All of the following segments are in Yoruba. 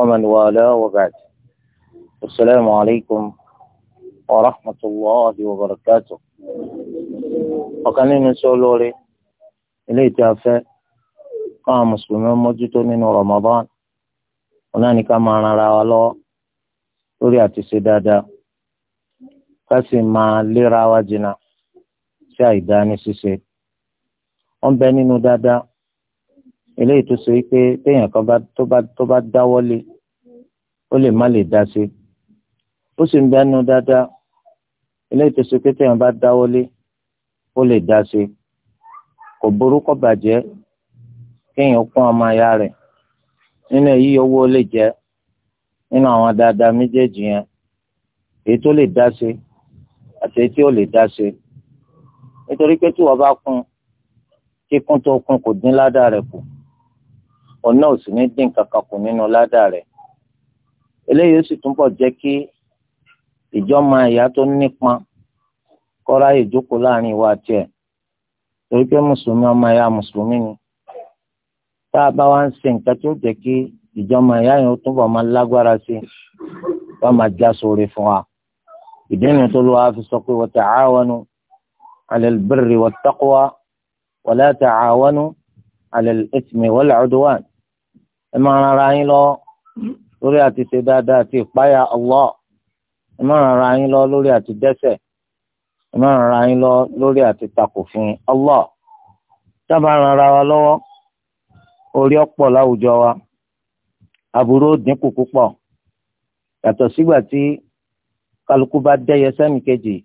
ومن والاه وبعد السلام عليكم ورحمة الله وبركاته ọ̀kan nínú iṣẹ́ olóore ilé ìtẹ́ afẹ́ káwọn mùsùlùmí mójútó nínú Ramadan ọ̀nà ni ká máa ran ara wa lọ́wọ́ lórí àti ṣe dáadáa ká sì máa léra wa jìnnà sí àìdá ní ṣíṣe wọ́n bẹ nínú dáadáa ilé ìtúsọ yìí pé téèyàn kan tó bá dáwọ́ lé ó lè má lè dá sí ó sì ń bẹnu dáadáa eléyìí tó ṣe pé téèyàn bá dáwọ́lé ó lè dá sí kò burú kò bàjẹ́ kéèyàn kún ọmọ aya rẹ̀ nínú èyí owó lè jẹ́ nínú àwọn dáadáa méjèèjì yẹn èyí tó lè dá sí àti èyí tí ó lè dá sí nítorí pé tí wọ́n bá kún kíkún tó kún kò dín ládàá rẹ̀ kù ọ̀nà ò sì ní dín kankan kù nínú ládàá rẹ̀ eléyìí ó sì túnbọ̀ jẹ́ kí ìjọ́mọ ẹ̀yà tó nípọn kọ́ra ìjókòó láàrin ìwà tiẹ̀ torí pé mùsùlùmí ọmọ ẹ̀yà mùsùlùmí ni tá a bá wá ń ṣe nǹkan tó jẹ́ kí ìjọ́mọ ẹ̀yà yẹn ó túnbọ̀ máa lágbára sí i wọ́n máa já sóore fún wa ìdí ni tó lọ́wọ́ fi sọ pé wa ta'awanu 'ala al-birri wat wa la ta'awanu 'ala al-ithmi wal lórí àti ṣe dáadáa àti ìpáyà Allah ẹ má ràn ara yín lọ lórí àti dẹ́ṣẹ̀ ẹ má ràn ara yín lọ lórí àti takòfin Allah sábà ràn ara wa lọ́wọ́ orí ọ̀pọ̀ láwùjọ wa àbúrò dínkù púpọ̀ yàtọ̀ sígbà tí kálukú bá dẹ́yẹ sẹ́mi kejì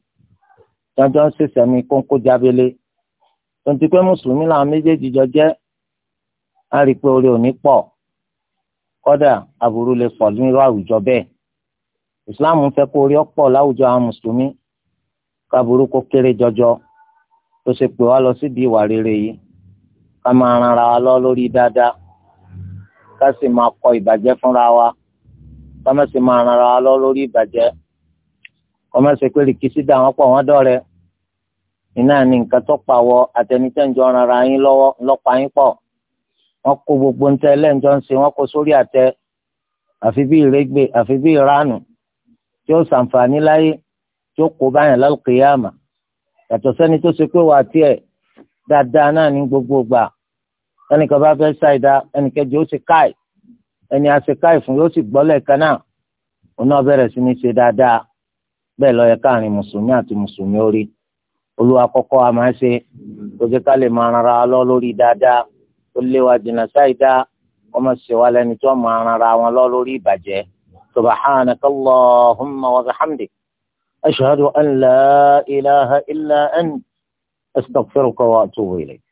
jọjọ́ ń ṣe sẹ́mi kónkó jábélé tonti mùsùlùmí làwọn méjèèjì jọ jẹ́ á orí ò ní kódà aburú lè pọ̀ nírú àwùjọ bẹ́ẹ̀ islam fẹ́ kó orí ọ̀pọ̀ láwùjọ àwọn mùsùlùmí kaburú kó kéré jọjọ tó ṣe pè wá lọ síbi ìwà rere yìí ká máa ran ara wa lọ lórí dáadáa ká sì máa kọ ìbàjẹ́ fúnra wa ká má sì máa ran ara wa lọ lórí ìbàjẹ́ ká má sì pé rìkísí dà wọ́n pọ̀ wọ́n dọ̀rẹ́ iná ní nǹkan tó pàwọ́ àtẹnitẹ́ńjọ́ ran ara yín lọ́wọ́ lọ́pàá yín pọ̀ wọ́n kó gbogbo ntẹ lẹ́ńtọ́ ń ṣe wọ́n kó sórí àtẹ àfi bí ìrégbè àfi bí ìranù tí ó ṣàǹfààní láyé tí ó kó báyàn lálùkìyàmà yàtọ̀ sẹ́ni tó ṣe pé wà á tiẹ̀ dáadáa náà ní gbogbo gbà ẹnìkan bá fẹ́ ṣàìdá ẹnìkejì ó ti káì ẹni àṣekáì fún yóò sì gbọ́ lẹ́ẹ̀kan náà òun náà sí ní ṣe dáadáa bẹ́ẹ̀ lọ yẹ káàrin mùsùlùmí àti mùsùlùmí orí olúwa kọ́kọ́ a máa ṣe kó ká lè máa rárá lọ lórí dáadáa ó lé wa jìnnà sáìdá ọmọ ṣèwà lẹni tó máa ran ara wọn lọ lórí ìbàjẹ́ subhanaka allahumma wa bihamdik ashhadu an la ilaha illa ant astaghfiruka wa atubu ilayk.